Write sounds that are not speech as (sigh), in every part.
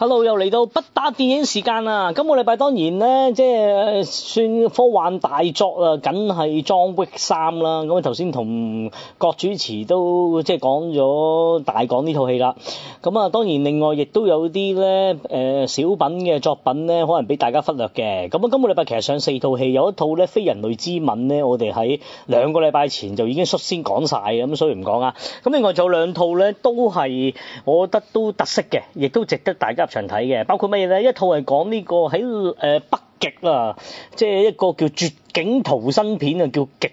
hello，又嚟到不打電影時間啦！今個禮拜當然咧，即係算科幻大作啦，梗係《John Wick 3》啦。咁我頭先同各主持都即係講咗大講呢套戲啦。咁啊，當然另外亦都有啲咧，誒小品嘅作品咧，可能俾大家忽略嘅。咁啊，今個禮拜其實上四套戲，有一套咧《非人類之吻》咧，我哋喺兩個禮拜前就已經率先講晒。咁所以唔講啊。咁另外仲有兩套咧，都係我覺得都特色嘅，亦都值得大家。場睇嘅，包括乜嘢咧？一套係講呢個喺誒北極啊，即係一個叫絕境逃生片啊，叫《極》。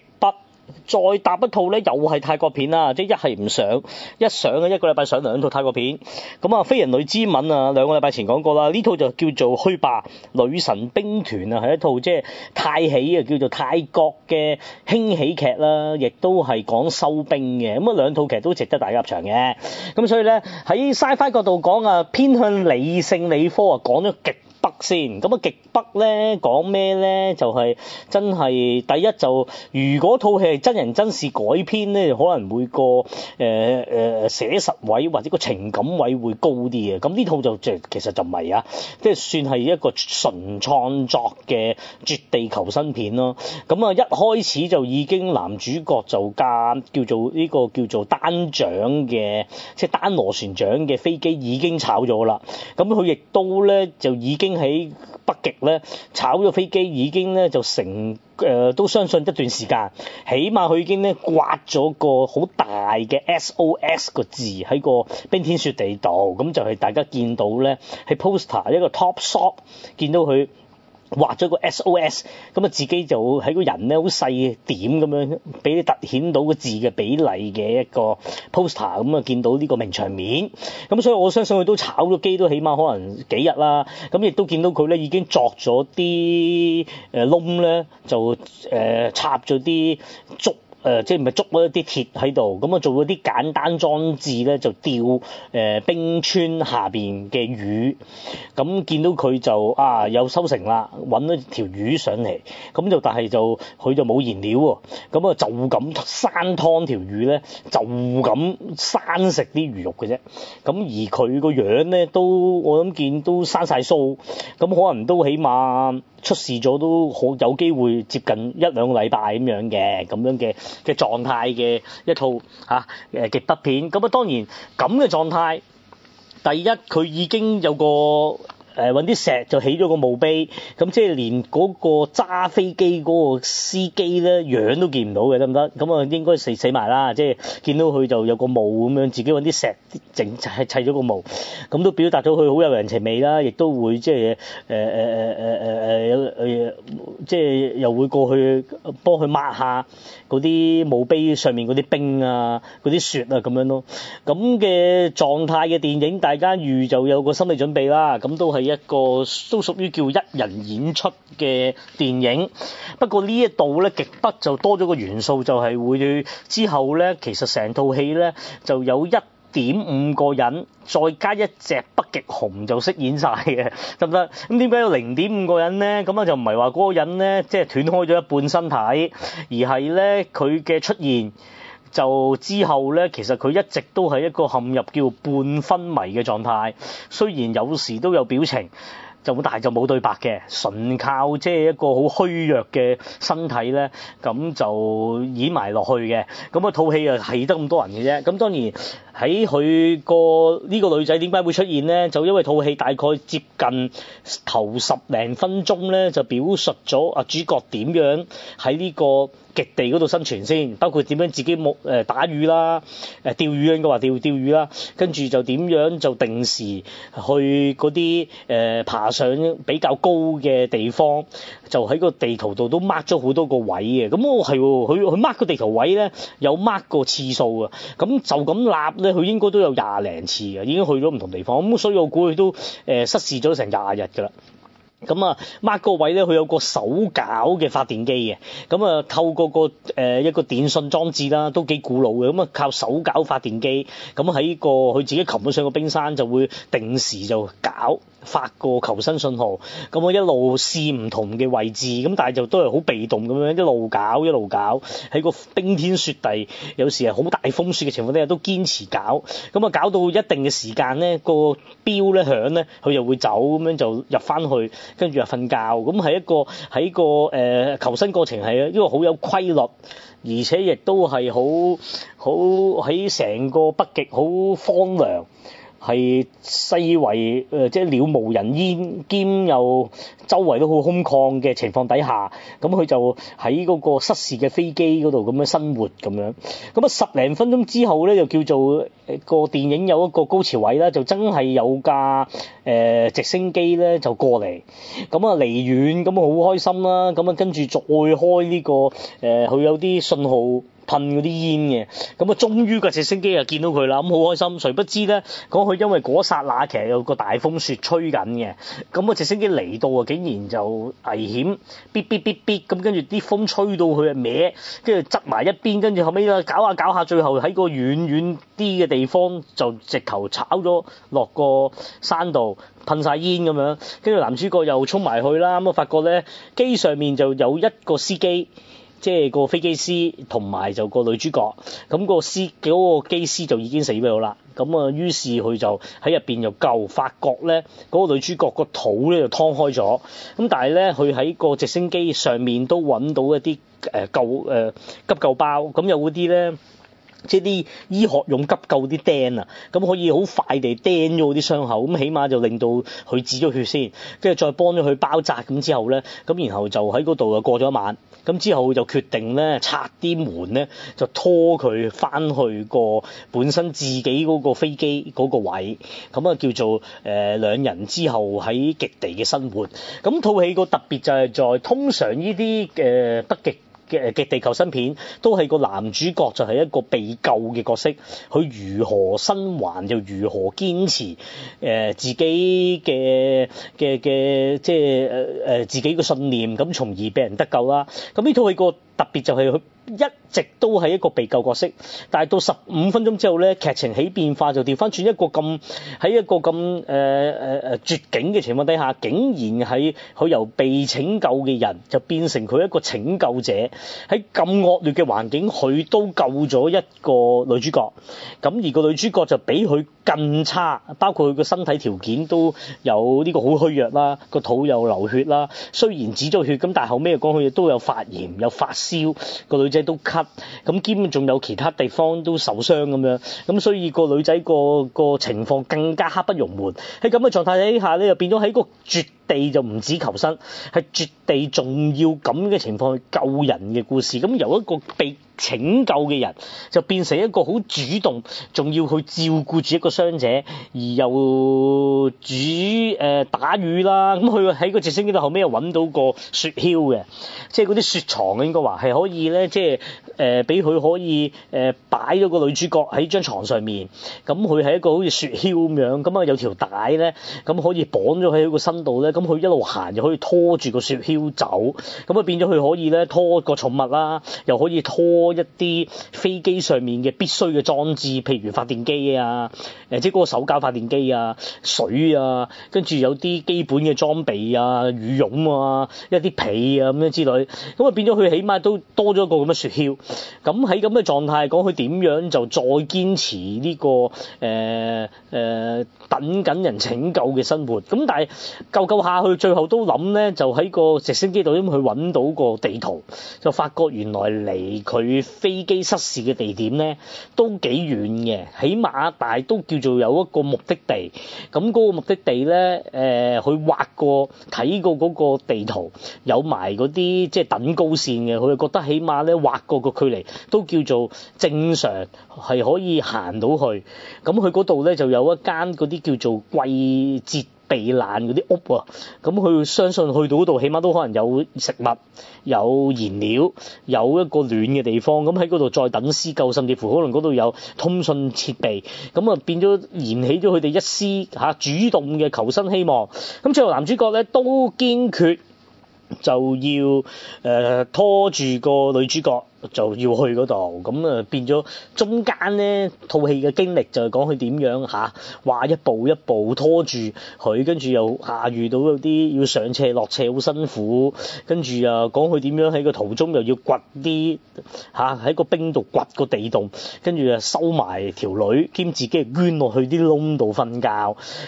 再搭一套咧，又係泰國片啦，即係一係唔上，一上一個禮拜上兩套泰國片。咁啊，非人類之吻啊，兩個禮拜前講過啦，呢套就叫做《去吧！女神兵團》啊，係一套即係泰喜啊，叫做泰國嘅輕喜劇啦，亦都係講收兵嘅。咁啊，兩套劇都值得大家入場嘅。咁所以咧，喺 Sci-Fi 角度講啊，偏向理性理科啊，講咗極北先咁啊！極北咧講咩咧？就係、是、真係第一就，如果套戲係真人真事改編咧，可能每個誒誒、呃呃、寫實位或者個情感位會高啲嘅。咁呢套就其實就唔係啊，即係算係一個純創作嘅絕地求生片咯。咁啊，一開始就已經男主角就加叫做呢個叫做單槳嘅，即、就、係、是、單螺旋槳嘅飛機已經炒咗啦。咁佢亦都咧就已經。喺北極咧，炒咗飛機已經咧就成誒、呃，都相信一段時間，起碼佢已經咧刮咗個好大嘅 SOS 個字喺個冰天雪地度，咁就係大家見到咧喺 poster 一個 top shop 見到佢，畫咗個 SOS，咁啊自己就喺個人咧好細點，咁樣俾啲凸顯到個字嘅比例嘅一個 poster 咁啊，見到呢個名場面。咁所以我相信佢都炒咗機都起碼可能幾日啦。咁亦都見到佢咧已經作咗啲誒窿咧，就誒、呃、插咗啲竹。誒，即係唔係捉咗一啲鐵喺度，咁啊做咗啲簡單裝置咧，就釣誒冰川下面嘅魚。咁見到佢就啊有收成啦，搵咗條魚上嚟。咁就但係就佢就冇燃料喎。咁啊就咁生湯條魚咧，就咁生食啲魚肉嘅啫。咁而佢個樣咧都，我諗見都生晒鬚。咁可能都起碼～出事咗都好有機會接近一兩個禮拜咁樣嘅，咁樣嘅嘅狀態嘅一套吓。誒，極、啊、北片咁，啊當然咁嘅狀態，第一佢已經有個。誒揾啲石就起咗個墓碑，咁即係連嗰個揸飛機嗰個司機咧樣都見唔到嘅得唔得？咁啊應該死死埋啦！即係見到佢就有個墓咁樣自己揾啲石整砌砌咗個墓，咁都表達咗佢好有人情味啦，亦都會即係誒誒誒誒誒誒誒即係又會過去幫佢抹下嗰啲墓碑上面嗰啲冰啊、嗰啲雪啊咁樣咯。咁嘅狀態嘅電影，大家預就有個心理準備啦。咁都係。一個都屬於叫一人演出嘅電影，不過呢一度咧極不就多咗個元素，就係會之後咧，其實成套戲咧就有一點五個人，再加一隻北極熊就飾演晒嘅，得唔得？咁點解有零點五個人咧？咁啊就唔係話嗰個人咧，即係斷開咗一半身體，而係咧佢嘅出現。就之後咧，其實佢一直都係一個陷入叫半昏迷嘅狀態，雖然有時都有表情。就好大就冇對白嘅，純靠即係一個好虛弱嘅身體咧，咁就演埋落去嘅。咁啊套戲啊係得咁多人嘅啫。咁當然喺佢個呢個女仔點解會出現咧？就因為套戲大概接近頭十零分鐘咧，就表述咗啊主角點樣，喺呢個極地嗰度生存先，包括點樣自己冇誒打魚啦、誒釣魚應該話釣釣魚啦，跟住就點樣就定時去嗰啲誒爬。上比較高嘅地方，就喺個地圖度都 mark 咗好多個位嘅。咁哦係喎，佢佢 mark 個地圖位咧，有 mark 個次數啊。咁就咁立咧，佢應該都有廿零次啊，已經去咗唔同地方。咁所以我估佢都誒失事咗成廿日噶啦。咁啊，mark 個位咧，佢有個手搞嘅發電機嘅。咁啊，透過個誒、呃、一個電信裝置啦，都幾古老嘅。咁啊，靠手搞發電機，咁喺個佢自己擒咗上個冰山，就會定時就搞。發個求生信號，咁我一路試唔同嘅位置，咁但係就都係好被動咁樣一路搞一路搞，喺個冰天雪地，有時係好大風雪嘅情況底下都堅持搞，咁啊搞到一定嘅時間咧，個錶咧響咧，佢又會走咁樣就入翻去，跟住啊瞓覺，咁係一個喺個誒、呃、求生過程係因為好有規律，而且亦都係好好喺成個北極好荒涼。係西圍誒，即係了無人煙，兼又周圍都好空曠嘅情況底下，咁佢就喺嗰個失事嘅飛機嗰度咁樣生活咁樣。咁啊十零分鐘之後咧，就叫做個電影有一個高潮位啦，就真係有架誒、呃、直升機咧就過嚟，咁啊離遠咁啊好開心啦，咁啊跟住再開呢、呢個誒，佢、呃、有啲信號。噴嗰啲煙嘅，咁啊，終於個直升機又見到佢啦，咁好開心。誰不知咧，講佢因為嗰剎那其實有個大風雪吹緊嘅，咁啊直升機嚟到啊，竟然就危險，咇咇咇咇咁，跟住啲風吹到佢啊歪，跟住側埋一邊，跟住後尾咧搞下搞下，最後喺個遠遠啲嘅地方就直頭炒咗落個山度，噴晒煙咁樣，跟住男主角又衝埋去啦，咁啊發覺咧機上面就有一個司機。即係個飛機師同埋就個女主角，咁個司嗰個機師就已經死咗啦。咁啊，於是佢就喺入面又救發覺咧，嗰個女主角個肚咧就劏開咗。咁但係咧，佢喺個直升機上面都揾到一啲誒舊誒急救包，咁有嗰啲咧。即係啲醫學用急救啲釘啊，咁可以好快地釘咗啲傷口，咁起碼就令到佢止咗血先，跟住再幫咗佢包紮，咁之後咧，咁然後就喺嗰度啊過咗一晚，咁之後就決定咧拆啲門咧，就拖佢翻去個本身自己嗰個飛機嗰個位，咁啊叫做誒、呃、兩人之後喺極地嘅生活。咁套戲個特別就係在通常呢啲嘅北極。嘅嘅地球新片，都係個男主角就係一個被救嘅角色，佢如何生還，又如何堅持誒，自己嘅嘅嘅，即係誒誒，自己嘅信念，咁從而俾人得救啦。咁呢套係個。特別就係佢一直都係一個被救角色，但係到十五分鐘之後咧，劇情起變化就掉翻轉一個咁喺一個咁誒誒絕境嘅情況底下，竟然喺佢由被拯救嘅人就變成佢一個拯救者，喺咁惡劣嘅環境佢都救咗一個女主角。咁而個女主角就比佢更差，包括佢個身體條件都有呢個好虛弱啦，個肚又流血啦。雖然止咗血，咁但係後尾講佢都有發炎，有發。燒個 (music) 女仔都咳，咁兼，仲有其他地方都受傷咁樣，咁所以個女仔個個情況更加刻不容緩。喺咁嘅狀態底下咧，又變咗喺個絕。地就唔止求生，係絕地重要，咁嘅情況去救人嘅故事。咁由一個被拯救嘅人，就變成一個好主動，仲要去照顧住一個傷者，而又煮誒、呃、打魚啦。咁佢喺個直升機度後尾又搵到個雪橇嘅，即係啲雪床應該話係可以咧，即係誒俾佢可以誒擺咗個女主角喺張床上面。咁佢係一個好似雪橇咁樣，咁啊有條帶咧，咁可以綁咗喺個身度咧。咁佢一路行就可以拖住個雪橇走，咁啊變咗佢可以咧拖個寵物啦，又可以拖一啲飛機上面嘅必須嘅裝置，譬如發電機啊，誒即係個手攪發電機啊、水啊，跟住有啲基本嘅裝備啊、羽絨啊、一啲被啊咁樣之類，咁啊變咗佢起碼都多咗個咁嘅雪橇，咁喺咁嘅狀態講佢點樣就再堅持呢、這個誒誒、呃呃、等緊人拯救嘅生活，咁但係救救。下去最後都諗咧，就喺個直升機度咁去揾到個地圖，就發覺原來離佢飛機失事嘅地點咧都幾遠嘅，起碼但係都叫做有一個目的地。咁、那、嗰個目的地咧，誒，佢劃過睇過嗰個地圖，有埋嗰啲即係等高線嘅，佢就覺得起碼咧劃過個距離都叫做正常，係可以行到去。咁佢嗰度咧就有一間嗰啲叫做季節。避難嗰啲屋啊，咁佢相信去到嗰度，起碼都可能有食物、有燃料、有一個暖嘅地方，咁喺嗰度再等施救，甚至乎可能嗰度有通訊設備，咁啊變咗燃起咗佢哋一絲嚇主動嘅求生希望。咁最後男主角咧都堅決就要誒拖住個女主角。就要去嗰度，咁啊變咗中間咧套戲嘅經歷就係講佢點樣吓話、啊、一步一步拖住佢，跟住又下、啊、遇到嗰啲要上斜落斜好辛苦，跟住啊講佢點樣喺個途中又要掘啲吓喺個冰度掘個地洞，跟住啊收埋條女兼自己啊鑽落去啲窿度瞓覺，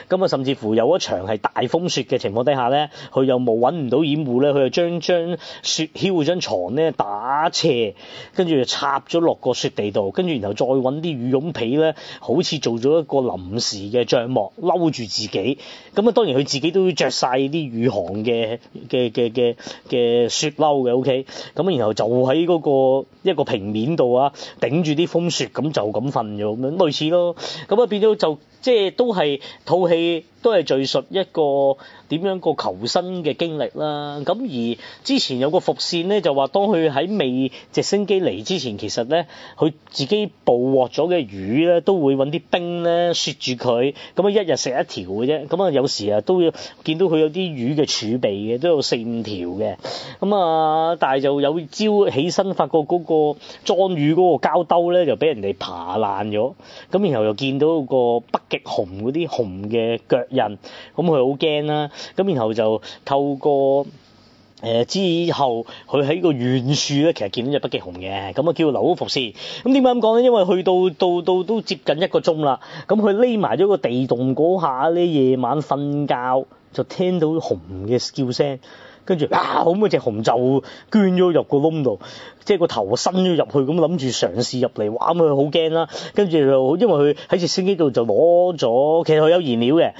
咁啊甚至乎有一場係大風雪嘅情況底下咧，佢又冇搵唔到掩護咧，佢就將張雪橇張床咧打斜。跟住插咗落個雪地度，跟住然後再搵啲羽絨被咧，好似做咗一個臨時嘅帳幕，嬲住自己。咁啊，當然佢自己都要着晒啲羽航嘅嘅嘅嘅嘅雪褸嘅，OK。咁然後就喺嗰個一個平面度啊，頂住啲風雪，咁就咁瞓咗咁樣，類似咯。咁啊，變咗就即係、就是、都係套戲。都係敘述一個點樣個求生嘅經歷啦。咁而之前有個伏線咧，就話當佢喺未直升機嚟之前，其實咧佢自己捕獲咗嘅魚咧，都會搵啲冰咧雪住佢。咁啊，一日食一條嘅啫。咁啊，有時啊，都要見到佢有啲魚嘅儲備嘅，都有四五條嘅。咁啊，但係就有朝起身發覺嗰個裝魚嗰個膠兜咧，就俾人哋爬爛咗。咁然後又見到個北極熊嗰啲熊嘅腳。人咁佢好驚啦，咁然後就透過誒、呃、之後，佢喺個遠處咧，其實見到隻北極熊嘅，咁啊叫「劉福士」。咁點解咁講咧？因為去到到到都接近一個鐘啦，咁佢匿埋咗個地洞嗰下咧，夜晚瞓覺就聽到熊嘅叫聲。跟住，啊咁嗰隻熊就捐咗入個窿度，即係個頭伸咗入去，咁諗住嘗試入嚟玩。佢好驚啦。跟住又因為佢喺直升機度就攞咗，其實佢有燃料嘅，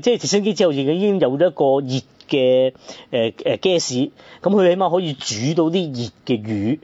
即係、係、直升機之後已經有咗一個熱嘅誒誒 gas。咁佢起碼可以煮到啲熱嘅魚。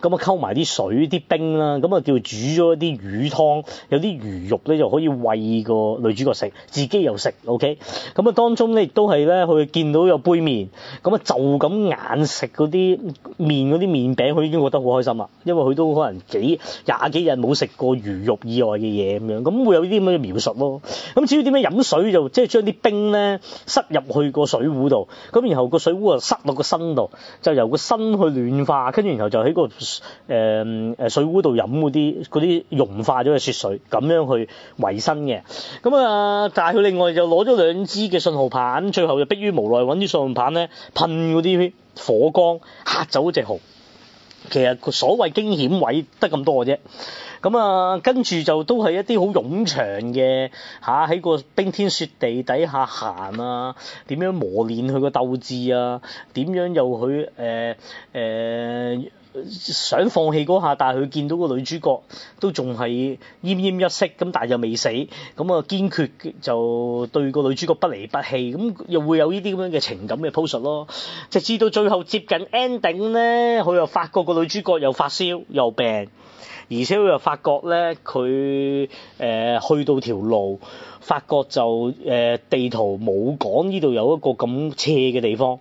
咁啊溝埋啲水啲冰啦，咁啊叫煮咗啲魚湯，有啲魚肉咧就可以餵個女主角食，自己又食，OK？咁啊當中咧亦都係咧，佢見到有杯麵，咁啊就咁眼食嗰啲麵嗰啲麵餅，佢已經覺得好開心啦，因為佢都可能幾廿幾日冇食過魚肉以外嘅嘢咁樣，咁會有啲咁嘅描述咯。咁至於點樣飲水就即係將啲冰咧塞入去個水壺度，咁然後個水壺啊塞落個身度，就由個身去暖化，跟住然後就喺個誒、嗯、誒，水壺度飲嗰啲嗰啲融化咗嘅雪水，咁樣去維生嘅。咁啊，但係佢另外就攞咗兩支嘅信號棒，最後就迫於無奈揾啲信號棒咧噴嗰啲火光吓走隻熊。其實所謂驚險位得咁多嘅啫。咁啊，跟住就都係一啲好冗長嘅吓，喺個冰天雪地底下行啊，點樣磨練佢個鬥志啊？點樣又佢誒誒？呃呃想放棄嗰下，但係佢見到個女主角都仲係奄奄一息，咁但係又未死，咁啊堅決就對個女主角不離不棄，咁又會有呢啲咁樣嘅情感嘅鋪述咯。直至到最後接近 ending 咧，佢又發覺個女主角又發燒又病，而且佢又發覺咧，佢、呃、去到條路，發覺就、呃、地圖冇講呢度有一個咁斜嘅地方。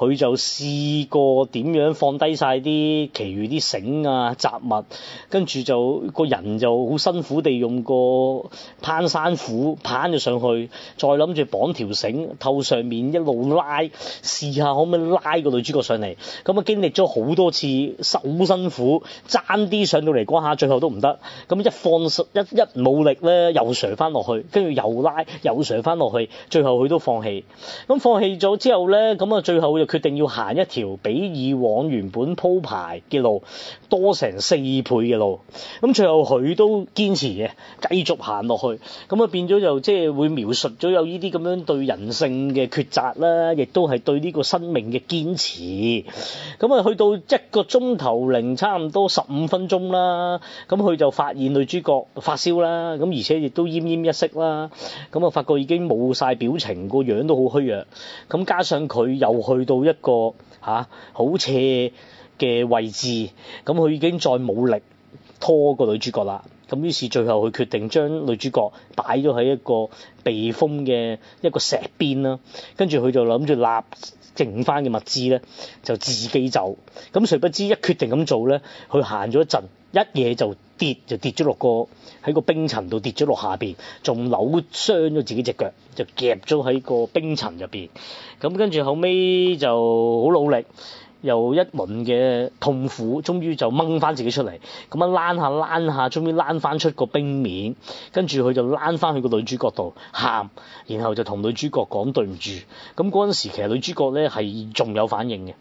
佢就試過點樣放低晒啲其餘啲繩啊雜物，跟住就個人就好辛苦地用個攀山斧攀咗上去，再諗住綁條繩透上面一路拉，試下可唔可以拉個女主角上嚟。咁啊經歷咗好多次，手辛苦，爭啲上到嚟嗰下，最後都唔得。咁一放手一一冇力咧，又垂翻落去，跟住又拉，又垂翻落去，最後佢都放棄。咁放棄咗之後咧，咁啊最後決定要行一條比以往原本鋪排嘅路多成四倍嘅路，咁最後佢都堅持嘅繼續行落去，咁啊變咗就即係會描述咗有呢啲咁樣對人性嘅抉擇啦，亦都係對呢個生命嘅堅持。咁啊去到一個鐘頭零差唔多十五分鐘啦，咁佢就發現女主角發燒啦，咁而且亦都奄奄一息啦，咁啊發覺已經冇晒表情，個樣都好虛弱，咁加上佢又去到。一個吓好、啊、斜嘅位置，咁佢已經再冇力拖個女主角啦，咁於是最後佢決定將女主角擺咗喺一個避風嘅一個石邊啦，跟住佢就諗住立。剩翻嘅物資咧，就自己走。咁誰不知一決定咁做咧，佢行咗一陣，一嘢就跌，就跌咗落個喺個冰層度跌咗落下邊，仲扭傷咗自己隻腳，就夾咗喺個冰層入邊。咁跟住後尾就好努力。又一輪嘅痛苦，終於就掹翻自己出嚟，咁樣攣下攣下，終於攣翻出個冰面，跟住佢就攣翻去個女主角度喊，然後就同女主角講對唔住。咁嗰陣時，其實女主角咧係仲有反應嘅，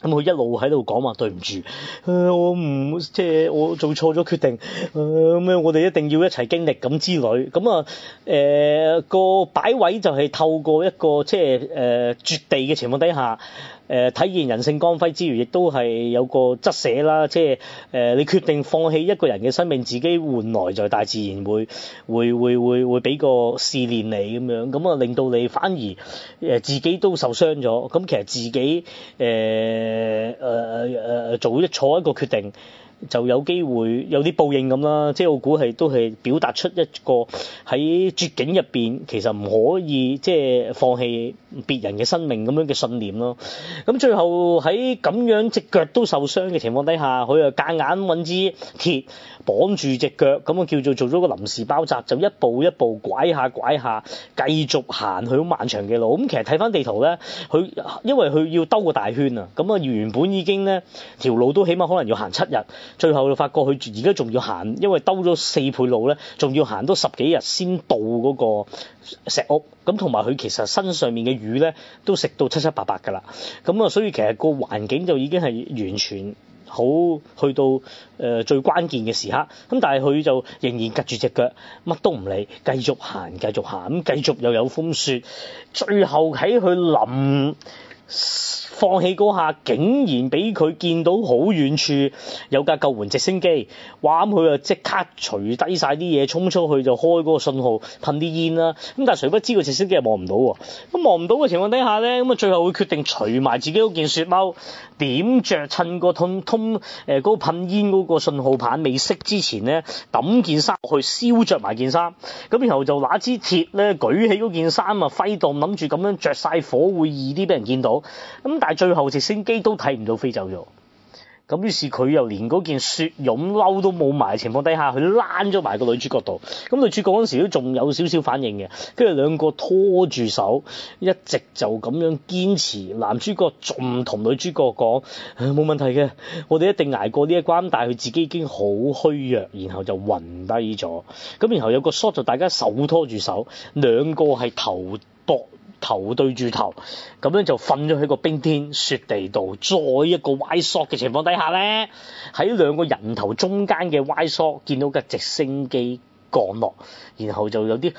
咁佢一路喺度講話對唔住，我唔即係我做錯咗決定，咩我哋一定要一齊經歷咁之類。咁啊，誒、呃、個擺位就係透過一個即係誒絕地嘅情況底下。誒、呃、體現人性光輝之餘，亦都係有個取捨啦，即係誒、呃、你決定放棄一個人嘅生命，自己換來就大自然會會會會會俾個試煉你咁樣，咁啊令到你反而誒、呃、自己都受傷咗，咁其實自己誒誒誒誒做一錯一個決定。就有機會有啲報應咁啦，即係我估係都係表達出一個喺絕境入邊，其實唔可以即係放棄別人嘅生命咁樣嘅信念咯。咁最後喺咁樣隻腳都受傷嘅情況底下，佢啊夾硬搵支鐵綁住隻腳，咁啊叫做做咗個臨時包紮，就一步一步拐下拐下，繼續行去好漫長嘅路。咁其實睇翻地圖咧，佢因為佢要兜個大圈啊，咁啊原本已經咧條路都起碼可能要行七日。最後就發覺佢而家仲要行，因為兜咗四倍路咧，仲要行多十幾日先到嗰個石屋。咁同埋佢其實身上面嘅魚咧，都食到七七八八㗎啦。咁啊，所以其實個環境就已經係完全好去到誒最關鍵嘅時刻。咁但係佢就仍然隔住隻腳，乜都唔理，繼續行，繼續行，咁繼續又有風雪。最後喺佢臨放棄嗰下，竟然俾佢見到好遠處有架救援直升機，哇！佢啊，即刻除低晒啲嘢，衝出去就開嗰個信號，噴啲煙啦。咁但係誰不知個直升機係望唔到喎。咁望唔到嘅情況底下咧，咁啊最後會決定除埋自己嗰件雪貓，點着趁個通通誒嗰噴煙嗰個信號棒未熄之前咧，抌件衫落去燒着埋件衫。咁然後就拿支鐵咧舉起嗰件衫啊，揮動，諗住咁樣着晒火會易啲俾人見到。咁。但係最後直升機都睇唔到飛走咗，咁於是佢又連嗰件雪絨褸都冇埋情況底下，佢躝咗埋個女主角度。咁女主角嗰時都仲有少少反應嘅，跟住兩個拖住手，一直就咁樣堅持。男主角仲同女主角講，冇問題嘅，我哋一定捱過呢一關。但係佢自己已經好虛弱，然後就暈低咗。咁然後有個 shot 就大家手拖住手，兩個係頭搏，頭對住頭，咁樣就瞓咗喺個冰天雪地度，再一個歪索嘅情況底下咧，喺兩個人頭中間嘅歪索見到架直升機降落，然後就有啲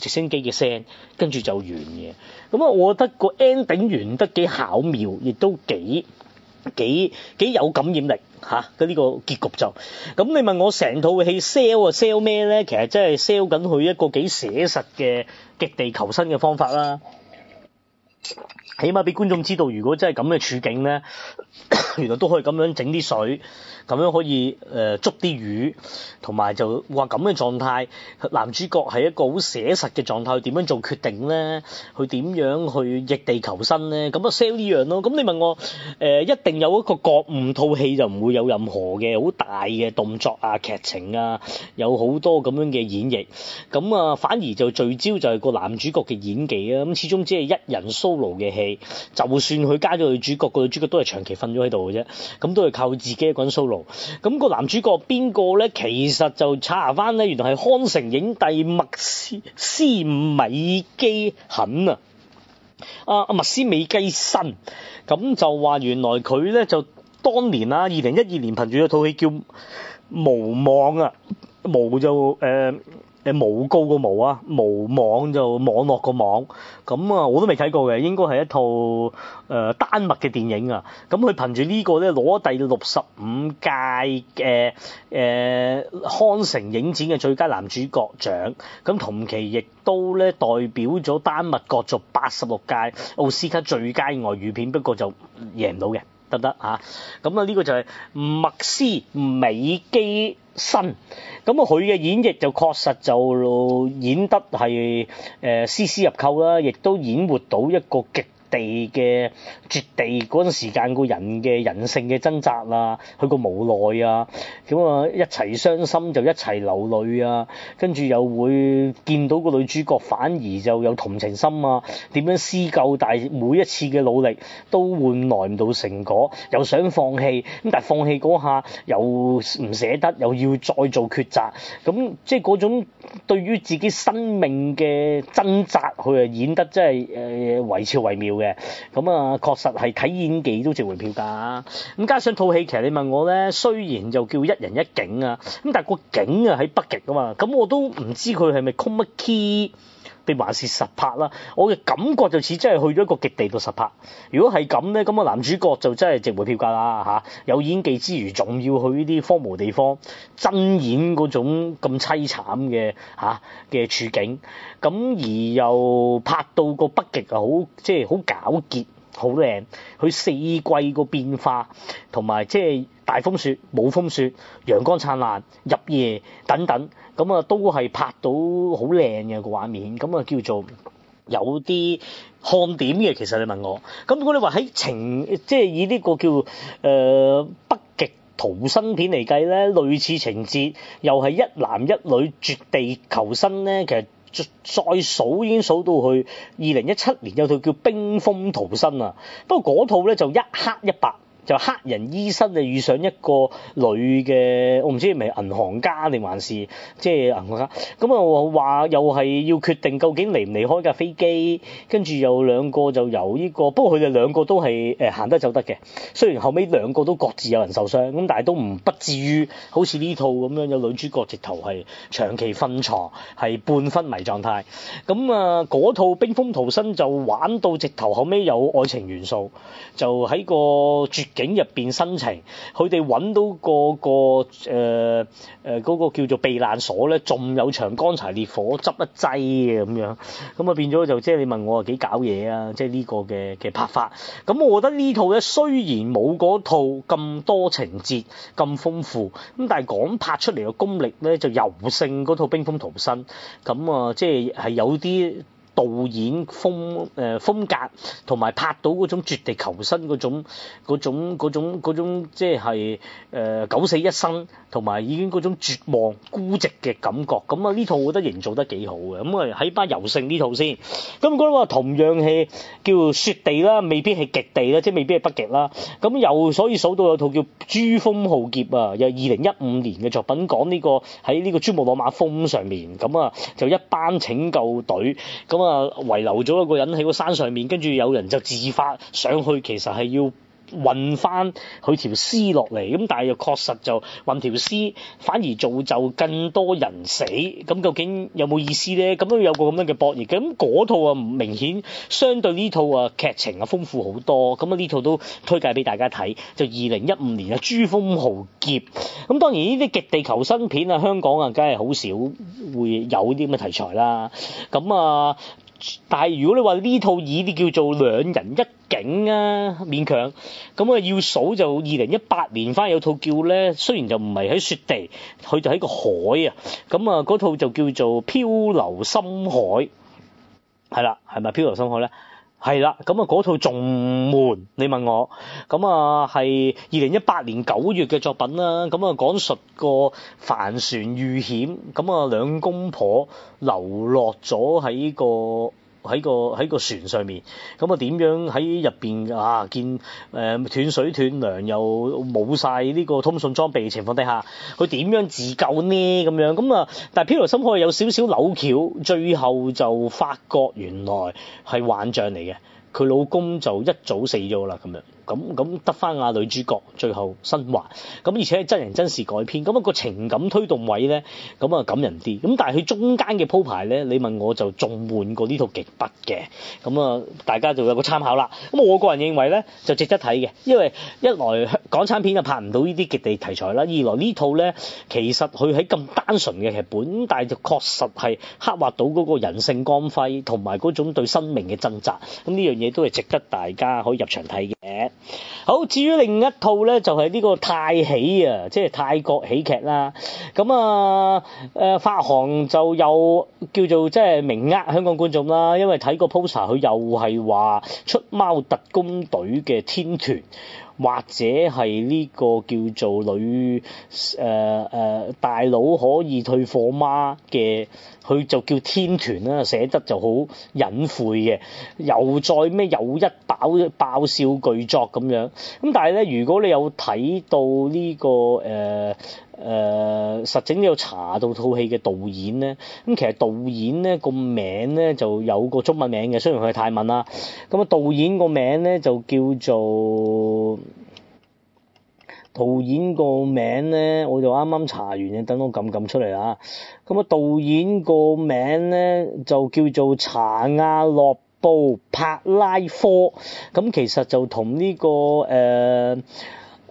直升機嘅聲，跟住就完嘅。咁啊，我覺得個 ending 完得幾巧妙，亦都幾。幾幾有感染力吓？嗰，呢個結局就咁。你問我成套戲 sale 啊 sale 咩咧？其實真係 sale 緊佢一個幾寫實嘅極地求生嘅方法啦。起碼俾觀眾知道，如果真係咁嘅處境咧，原來都可以咁樣整啲水，咁樣可以誒捉啲魚，同埋就話咁嘅狀態，男主角係一個好寫實嘅狀態，點樣做決定咧？去點樣去逆地求生咧？咁啊 sell 呢樣咯。咁你問我誒、呃，一定有一個覺悟，套戲就唔會有任何嘅好大嘅動作啊，劇情啊，有好多咁樣嘅演繹。咁啊，反而就聚焦就係個男主角嘅演技啊。咁始終只係一人 solo 嘅戲，就算佢加咗女主角，個女主角都係長期瞓咗喺度嘅啫，咁都係靠自己一個人 solo。咁個男主角邊個咧？其實就查下翻咧，原來係康城影帝麥斯斯米基肯啊，啊，阿麥斯米基申。咁就話原來佢咧就當年啊，二零一二年憑住一套戲叫無望啊，無就誒。呃誒冇高個無啊，無網就網絡個網，咁啊我都未睇過嘅，應該係一套誒、呃、丹麥嘅電影啊。咁佢憑住呢個咧攞第六十五屆嘅誒康城影展嘅最佳男主角獎。咁同期亦都咧代表咗丹麥角逐八十六屆奧斯卡最佳外語片，不過就贏唔到嘅，得唔得啊？咁啊呢、呢個就係麥斯美基。新，咁啊，佢嘅演繹就確實就演得係誒絲絲入扣啦，亦都演活到一個極。地嘅絕地嗰陣時間個人嘅人性嘅掙扎啊，佢個無奈啊，咁啊一齊傷心就一齊流淚啊，跟住又會見到個女主角反而就有同情心啊，點樣施救，但係每一次嘅努力都換來唔到成果，又想放棄，咁但係放棄嗰下又唔捨得，又要再做抉擇，咁即係嗰種對於自己生命嘅掙扎，佢啊演得真係誒惟肖惟妙嘅。嘅，咁啊，確實係睇演技都值回票價。咁加上套戲，其實你問我咧，雖然就叫一人一景啊，咁但係個景啊喺北極啊嘛，咁我都唔知佢係咪 c i 乜 key。並話是實拍啦，我嘅感覺就似真係去咗一個極地度實拍。如果係咁咧，咁個男主角就真係值回票價啦吓。有演技之餘，仲要去呢啲荒蕪地方，真演嗰種咁淒慘嘅嘅、啊、處境。咁而又拍到個北極啊，好即係好糾結，好靚。佢四季個變化，同埋即係大風雪、冇風雪、陽光燦爛、入夜等等。咁啊，都係拍到好靚嘅個畫面，咁啊叫做有啲看點嘅。其實你問我，咁如果你話喺情，即係以呢個叫誒、呃、北極逃生片嚟計咧，類似情節又係一男一女絕地求生咧，其實再數已經數到去二零一七年有套叫《冰封逃生》啊。不過嗰套咧就一黑一白。就、黑人醫生就遇上一個女嘅，我唔知係咪銀行家定還是即係、就是、銀行家。咁啊話又係要決定究竟離唔離開架飛機。跟住有兩個就由呢、呢個，不過佢哋兩個都係誒行得走得嘅。雖然後尾兩個都各自有人受傷，咁但係都唔不至於好似呢套咁樣，有女主角直頭係長期瞓牀，係半昏迷狀態。咁啊，嗰套《冰封逃生》就玩到直頭後尾有愛情元素，就喺個絕。景入邊申情，佢哋揾到個個誒誒嗰個叫做避難所咧，仲有場乾柴烈火執一劑嘅咁樣，咁啊變咗就即係你問我啊幾搞嘢啊！即係呢個嘅嘅拍法，咁我覺得呢套咧雖然冇嗰套咁多情節咁豐富，咁但係講拍出嚟嘅功力咧就尤勝嗰套冰封逃生。咁啊即係係有啲。導演風誒、呃、格，同埋拍到嗰種絕地求生嗰種嗰種嗰種嗰種即係誒、呃、九死一生，同埋已經嗰種絕望孤寂嘅感覺。咁啊呢套我覺得營造得幾好嘅。咁啊喺班遊勝呢套先。咁、那、嗰個同樣係叫雪地啦，未必係極地啦，即係未必係北極啦。咁又所以數到有套叫《珠峰浩劫》啊，又二零一五年嘅作品講、這個，講呢個喺呢個珠穆朗瑪峰上面。咁啊就一班拯救隊咁。咁啊，遺留咗一個人喺個山上面，跟住有人就自發上去，其實係要，運翻佢條屍落嚟，咁但係又確實就運條屍反而造就更多人死，咁究竟有冇意思咧？咁都有個咁樣嘅博弈。咁嗰套啊明顯相對呢套啊劇情啊豐富好多，咁啊呢套都推介俾大家睇，就二零一五年啊《珠峰豪劫》，咁當然呢啲極地求生片啊，香港啊梗係好少會有啲咁嘅題材啦，咁啊。但係如果你話呢套已啲叫做兩人一景啊，勉強咁啊，要數就二零一八年翻有套叫咧，雖然就唔係喺雪地，佢就喺個海啊，咁啊嗰套就叫做漂流深海，係啦，係咪漂流深海咧？係啦，咁啊嗰套仲悶，你問我，咁啊係二零一八年九月嘅作品啦，咁啊講述個帆船遇險，咁啊兩公婆流落咗喺個。喺個喺個船上面，咁啊點樣喺入邊啊見誒呃、斷水斷糧又冇晒呢個通訊裝備情況底下，佢點樣自救呢？咁樣咁啊，但係漂流深海有少少扭橋，最後就發覺原來係幻象嚟嘅，佢老公就一早死咗啦咁樣。咁咁得翻啊！女主角最後生還，咁而且係真人真事改編，咁一、嗰個情感推動位咧，咁啊感人啲。咁但係佢中間嘅鋪排咧，你問我就仲換過呢套極北嘅。咁啊，大家就有個參考啦。咁我個人認為咧，就值得睇嘅，因為一來港產片就拍唔到呢啲極地題材啦，二來套呢套咧其實佢喺咁單純嘅劇本，但係就確實係刻畫到嗰個人性光輝同埋嗰種對生命嘅掙扎。咁呢樣嘢都係值得大家可以入場睇嘅。好，至於另一套咧，就係、是、呢個泰喜啊，即係泰國喜劇啦。咁啊，誒發行就又叫做即係名額香港觀眾啦，因為睇個 poster 佢又係話出貓特工隊嘅天團，或者係呢個叫做女誒誒、呃呃、大佬可以退火媽嘅，佢就叫天團啦，寫得就好隱晦嘅，又再咩有一。爆笑巨作咁樣，咁但係咧，如果你有睇到呢、這個誒誒、呃呃、實整有查到套戲嘅導演咧，咁其實導演咧個名咧就有個中文名嘅，雖然佢係泰文啦。咁啊，導演個名咧就叫做導演個名咧，我就啱啱查完，等我撳撳出嚟啦。咁啊，導演個名咧就叫做查亞諾。布柏拉科咁，其實就同呢、這個誒誒、呃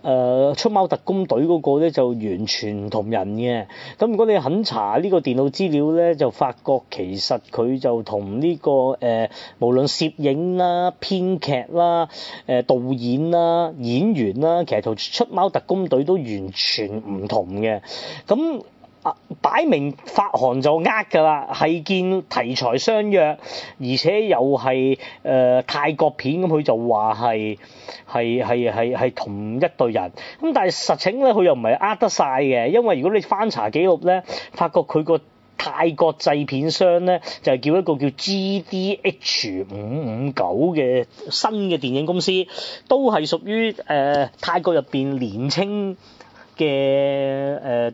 呃、出貓特工隊嗰個咧就完全唔同人嘅。咁如果你肯查呢個電腦資料咧，就發覺其實佢就同呢、這個誒、呃，無論攝影啦、編劇啦、呃、導演啦、演員啦，其實同出貓特工隊都完全唔同嘅。咁啊！擺明發行就呃㗎啦，係見題材相約，而且又係誒、呃、泰國片咁，佢就話係係係係係同一隊人。咁但係實情咧，佢又唔係呃得晒嘅，因為如果你翻查記錄咧，發覺佢個泰國製片商咧就係叫一個叫 GDH 五五九嘅新嘅電影公司，都係屬於誒、呃、泰國入面年青嘅誒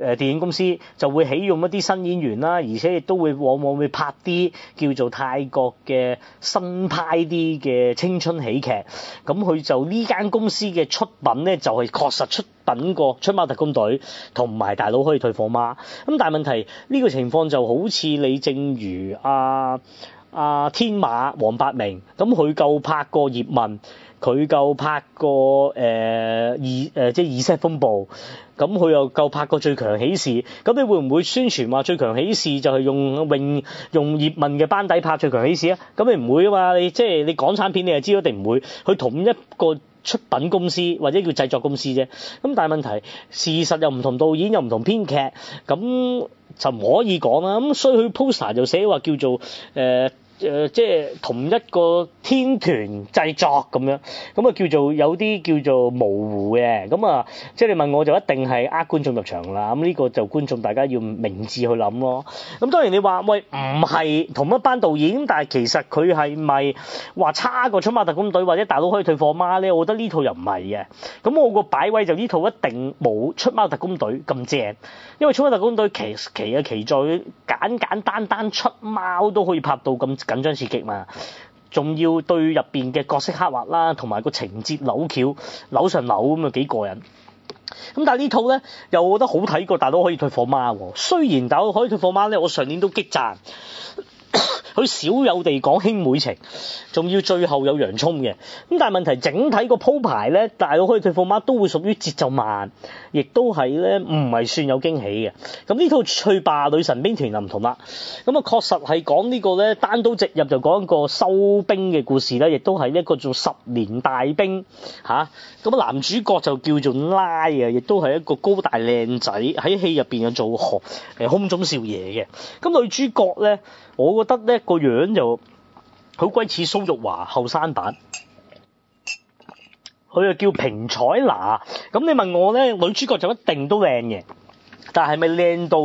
誒電影公司就會起用一啲新演員啦，而且亦都會往往會拍啲叫做泰國嘅新派啲嘅青春喜劇。咁佢就呢間公司嘅出品咧，就係、是、確實出品過《出馬特工隊》同埋《大佬可以退貨嗎》。咁但係問題呢、這個情況就好似李正如、阿、啊、阿、啊、天馬、黃百鳴咁，佢夠拍過葉問。佢夠拍過誒 S 誒，即係 S 風暴，咁佢又夠拍過最強喜事，咁你會唔會宣傳話最強喜事就係用榮用葉問嘅班底拍最強喜事啊？咁你唔會啊嘛，你即係你港產片你就知道一定唔會去同一個出品公司或者叫製作公司啫。咁但係問題事實又唔同導演又唔同編劇，咁就唔可以講啦。咁所以佢 poster 就寫話叫做誒。呃誒、呃、即係同一個天團製作咁樣，咁啊叫做有啲叫做模糊嘅，咁啊即係你問我就一定係呃觀眾入場啦，咁呢個就觀眾大家要明智去諗咯。咁當然你話喂唔係同一班導演，但係其實佢係咪話差過《出貓特工隊》或者大佬可以退貨媽咧？我覺得呢套又唔係嘅。咁我個擺位就呢套一定冇《出貓特工隊》咁正，因為《出貓特工隊》其其啊其在簡簡單單出貓都可以拍到咁。緊張刺激嘛，仲要對入邊嘅角色刻畫啦，同埋個情節扭翹，扭上扭咁，啊幾過癮。咁但係呢套咧又我覺得好睇過，但係都可以退貨媽喎。雖然但係可以退貨媽咧，我上年都激讚。佢少有地講兄妹情，仲要最後有洋葱嘅。咁但係問題，整體個鋪排咧，大佬可以退貨碼都會屬於節奏慢，亦都係咧唔係算有驚喜嘅。咁呢套《去吧!女神兵團》就唔同啦。咁啊，確實係講呢個咧單刀直入就講一個收兵嘅故事呢，亦都係一個做十年大兵嚇。咁啊，男主角就叫做拉啊，亦都係一個高大靚仔喺戲入邊啊，做航誒空中少爺嘅。咁女主角咧。我覺得咧個樣就好鬼似蘇玉華後生版，佢又叫平彩娜。咁你問我咧，女主角就一定都靚嘅。但係咪靚到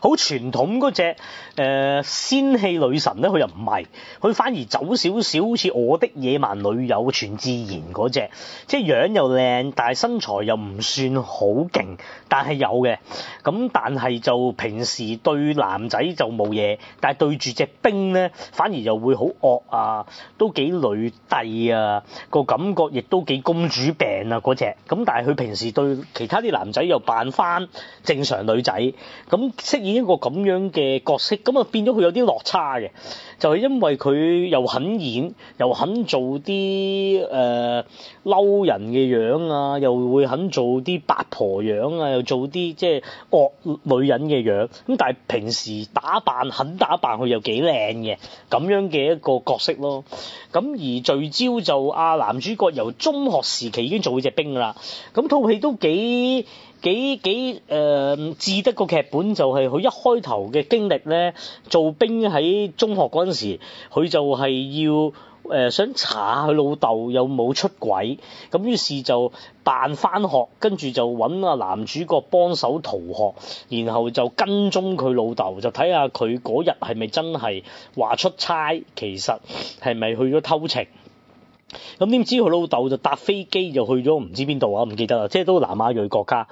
好傳統嗰隻誒仙氣女神咧？佢又唔係，佢反而走少少，好似我的野蠻女友全智賢嗰隻，即係樣又靚，但係身材又唔算好勁，但係有嘅。咁但係就平時對男仔就冇嘢，但係對住隻兵咧，反而又會好惡啊，都幾女帝啊，個感覺亦都幾公主病啊嗰隻。咁但係佢平時對其他啲男仔又扮翻正常。女仔咁飾演一個咁樣嘅角色，咁啊變咗佢有啲落差嘅，就係因為佢又肯演，又肯做啲誒嬲人嘅樣啊，又會肯做啲八婆樣啊，又做啲即係惡女人嘅樣。咁但係平時打扮肯打扮，佢又幾靚嘅咁樣嘅一個角色咯。咁而聚焦就阿男主角由中學時期已經做咗隻兵㗎啦。咁套戲都幾～幾幾誒智得個劇本就係佢一開頭嘅經歷咧，做兵喺中學嗰陣時，佢就係要誒、呃、想查下佢老豆有冇出軌，咁於是就扮返學，跟住就揾啊男主角幫手逃學，然後就跟蹤佢老豆，就睇下佢嗰日係咪真係話出差，其實係咪去咗偷情？咁點知佢老豆就搭飛機就去咗唔知邊度啊？唔記得啦，即係都南亞裔國家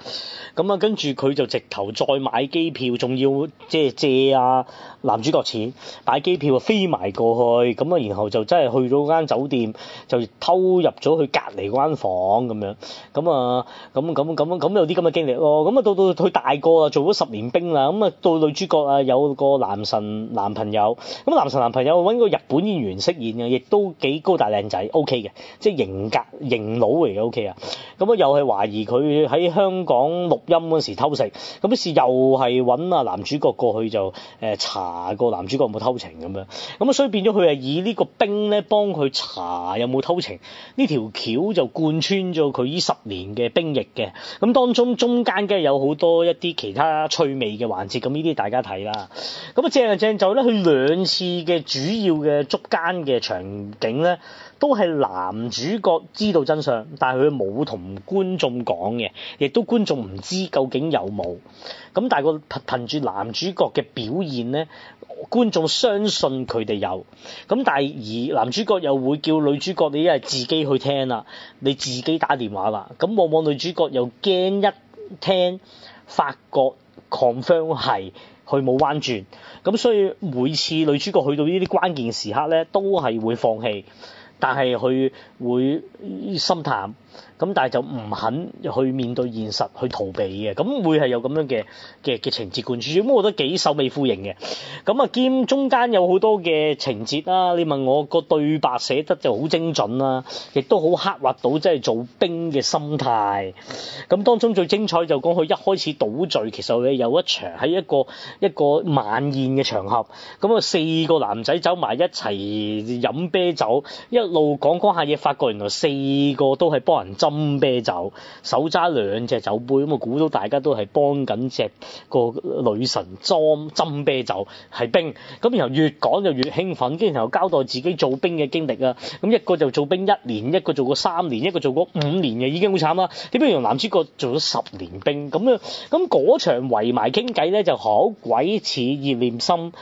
咁啊。跟住佢就直頭再買機票，仲要即係借啊男主角錢買機票啊飛埋過去咁啊。然後就真係去咗間酒店，就偷入咗去隔離嗰間房咁樣。咁啊，咁咁咁咁有啲咁嘅經歷咯。咁啊到到佢大個啊，做咗十年兵啦。咁啊到女主角啊有個男神男朋友。咁男神男朋友揾個日本演員飾演啊，亦都幾高大靚仔。K 嘅，即係型格型佬嚟嘅 O K 啊，咁啊又係懷疑佢喺香港錄音嗰時偷食，咁於是又係揾啊男主角過去就誒查個男主角有冇偷情咁樣，咁啊所以變咗佢係以呢個兵咧幫佢查有冇偷情，呢條橋就貫穿咗佢呢十年嘅兵役嘅，咁當中中間梗係有好多一啲其他趣味嘅環節，咁呢啲大家睇啦，咁啊正正就咧佢兩次嘅主要嘅捉奸嘅場景咧都係。男主角知道真相，但係佢冇同觀眾講嘅，亦都觀眾唔知究竟有冇。咁但係個憑住男主角嘅表現咧，觀眾相信佢哋有。咁但係而男主角又會叫女主角你一係自己去聽啦，你自己打電話啦。咁往往女主角又驚一聽發覺 confirm 係佢冇彎轉，咁所以每次女主角去到呢啲關鍵時刻咧，都係會放棄。但係佢會深談。咁但係就唔肯去面對現實，去逃避嘅，咁會係有咁樣嘅嘅嘅情節貫穿，咁我覺得幾首尾呼應嘅。咁啊兼中間有好多嘅情節啦，你問我個對白寫得就好精準啦，亦都好刻畫到即係做兵嘅心態。咁當中最精彩就講佢一開始倒敘，其實你有一場喺一個一個晚宴嘅場合，咁啊四個男仔走埋一齊飲啤酒，一路講講下嘢，發覺原來四個都係幫人。斟啤酒，手揸兩隻酒杯，咁我估到大家都係幫緊只個女神裝斟啤酒係兵，咁然後越講就越興奮，跟住然後交代自己做兵嘅經歷啊，咁一個就做兵一年，一個做過三年，一個做過五年嘅已經好慘啦，點解用男主角做咗十年兵咁啊？咁嗰場圍埋傾偈咧就好鬼似熱念心，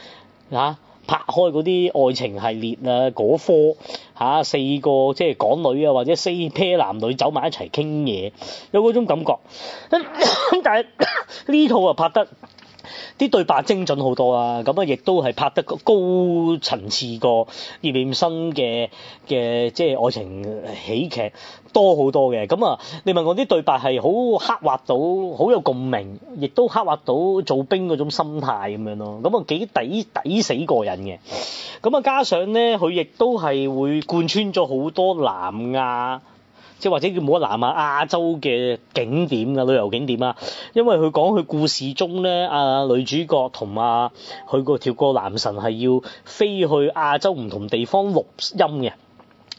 啊拍開嗰啲愛情系列啊，嗰科吓四個，即係港女啊，或者四 pair 男女走埋一齊傾嘢，有嗰種感覺 (laughs) 但係呢 (coughs) 套啊拍得～啲對白精準好多啊，咁啊亦都係拍得高層次過葉念生嘅，嘅即係愛情喜劇多好多嘅，咁啊你問我啲對白係好刻畫到好有共鳴，亦都刻畫到做兵嗰種心態咁樣咯、啊，咁啊幾抵抵死過癮嘅，咁啊加上咧佢亦都係會貫穿咗好多南亞。即或者叫冇南亞亞洲嘅景點啊，旅遊景點啊，因為佢講佢故事中咧，啊女主角同啊佢個跳過男神係要飛去亞洲唔同地方錄音嘅。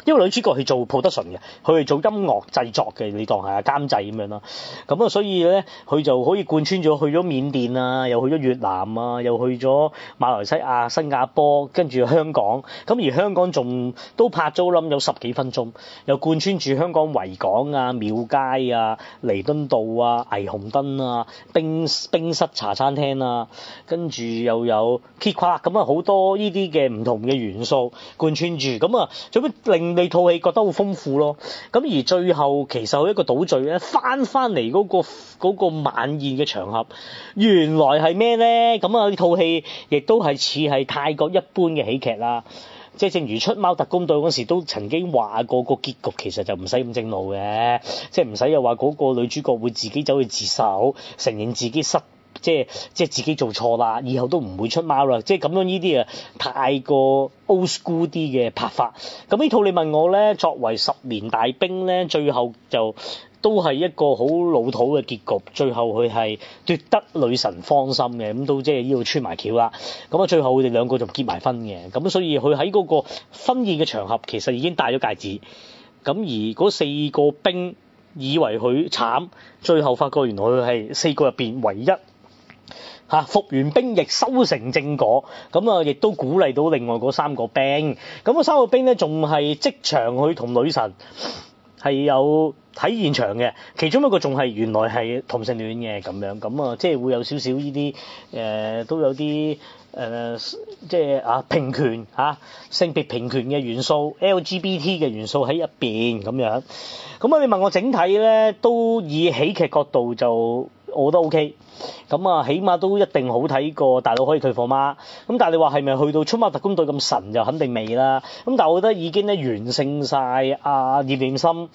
因為女主角係做 production 嘅，佢係做音樂製作嘅，你當係啊監製咁樣咯。咁啊，所以咧，佢就可以貫穿咗去咗緬甸啊，又去咗越南啊，又去咗馬來西亞、新加坡，跟住香港。咁而香港仲都拍咗我諗有十幾分鐘，又貫穿住香港維港啊、廟街啊、彌敦道啊、霓虹燈啊、冰冰室茶餐廳啊，跟住又有 K 歌咁啊，好多呢啲嘅唔同嘅元素貫穿住。咁啊，做乜令你套戲覺得好豐富咯，咁而最後其實佢一個賭醉咧翻翻嚟，嗰個嗰、嗰個晚宴嘅場合，原來係咩咧？咁啊，呢套戲亦都係似係泰國一般嘅喜劇啦，即係正如《出貓特工隊》嗰時都曾經話過，個結局其實就唔使咁正路嘅，即係唔使又話嗰個女主角會自己走去自首，承認自己失敗。即係即係自己做錯啦，以後都唔會出貓啦。即係咁樣呢啲啊，太過 old school 啲嘅拍法。咁呢套你問我咧，作為十年大兵咧，最後就都係一個好老土嘅結局。最後佢係奪得女神芳心嘅，咁都即係呢度穿埋橋啦。咁啊，最後佢哋兩個就結埋婚嘅，咁所以佢喺嗰個婚宴嘅場合其實已經戴咗戒指。咁而嗰四個兵以為佢慘，最後發覺原來佢係四個入邊唯一。吓，服完兵役收成正果，咁啊，亦都鼓勵到另外嗰三個兵。咁啊，三個兵咧，仲係即場去同女神係有睇現場嘅。其中一個仲係原來係同性戀嘅咁樣，咁啊，即係會有少少呢啲誒，都有啲誒、呃，即係啊，平權吓、啊，性別平權嘅元素，LGBT 嘅元素喺入邊咁樣。咁啊，你問我整體咧，都以喜劇角度就。我都 OK，咁啊，起碼都一定好睇過《大佬可以退貨》嗎？咁但係你話係咪去到《出馬特工隊》咁神就肯定未啦？咁但係我覺得已經咧完勝晒阿葉念琛呢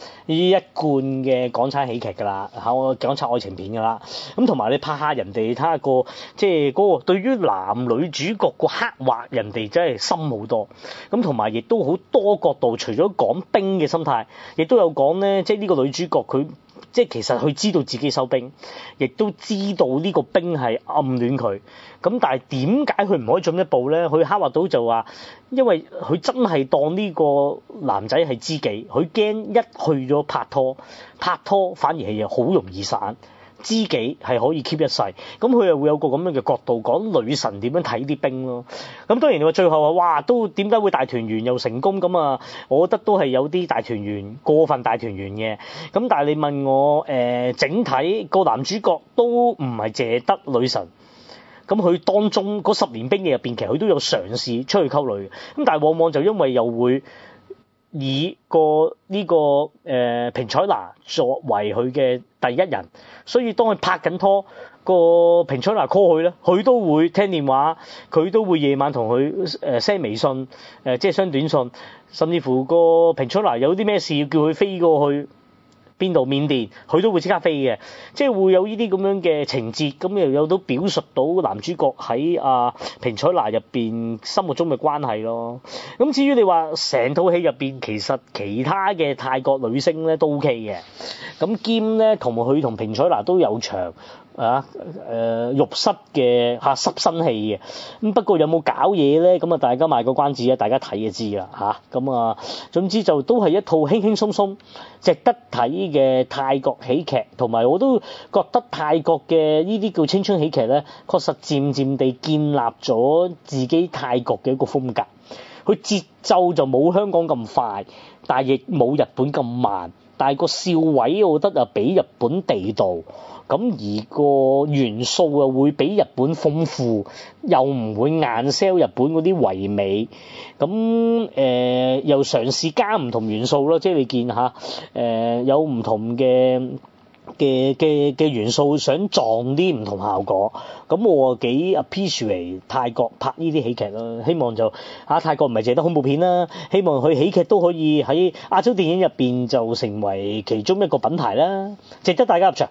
一貫嘅港產喜劇㗎啦，嚇，港產愛情片㗎啦。咁同埋你拍下人哋，睇下個，即係嗰個對於男女主角個刻畫，人哋真係深好多。咁同埋亦都好多角度，除咗講兵嘅心態，亦都有講咧，即係呢個女主角佢。即係其實佢知道自己收兵，亦都知道呢個兵係暗戀佢。咁但係點解佢唔可以進一步咧？佢刻畫到就話，因為佢真係當呢個男仔係知己，佢驚一去咗拍拖，拍拖反而係好容易散。知己係可以 keep 一世，咁佢又會有個咁樣嘅角度講女神點樣睇啲兵咯。咁當然你話最後話哇都點解會大團圓又成功咁啊？我覺得都係有啲大團圓過分大團圓嘅。咁但係你問我誒，整體個男主角都唔係借得女神。咁佢當中嗰十年兵嘅入邊，其實佢都有嘗試出去溝女，咁但係往往就因為又會。以個呢個誒平彩娜作為佢嘅第一人，所以當佢拍緊拖，個平彩娜 call 佢咧，佢都會聽電話，佢都會夜晚同佢誒 send 微信誒即係 send 短信，甚至乎個平彩娜有啲咩事要叫佢飛過去。邊度、緬甸，佢都會即刻飛嘅，即係會有呢啲咁樣嘅情節，咁又有到表述到男主角喺啊平彩娜入面心目中嘅關係咯。咁至於你話成套戲入面，其實其他嘅泰國女星咧都 OK 嘅，咁兼咧同佢同平彩娜都有場。啊，誒、呃、浴室嘅嚇、啊、濕身戲嘅，咁不過有冇搞嘢咧？咁啊，大家賣個關子啊，大家睇就知啦嚇。咁啊，總之就都係一套輕輕鬆鬆、值得睇嘅泰國喜劇，同埋我都覺得泰國嘅呢啲叫青春喜劇咧，確實漸漸地建立咗自己泰國嘅一個風格。佢節奏就冇香港咁快，但係亦冇日本咁慢。但係個笑位，我覺得又比日本地道，咁而個元素又會比日本豐富，又唔會硬 sell 日本嗰啲唯美，咁誒、呃、又嘗試加唔同元素咯，即係你見下，誒、呃、有唔同嘅。嘅嘅嘅元素想撞啲唔同效果，咁我幾 appreciate 嚟泰國拍呢啲喜劇啦，希望就啊，泰國唔係淨得恐怖片啦，希望佢喜劇都可以喺亞洲電影入邊就成為其中一個品牌啦，值得大家入場。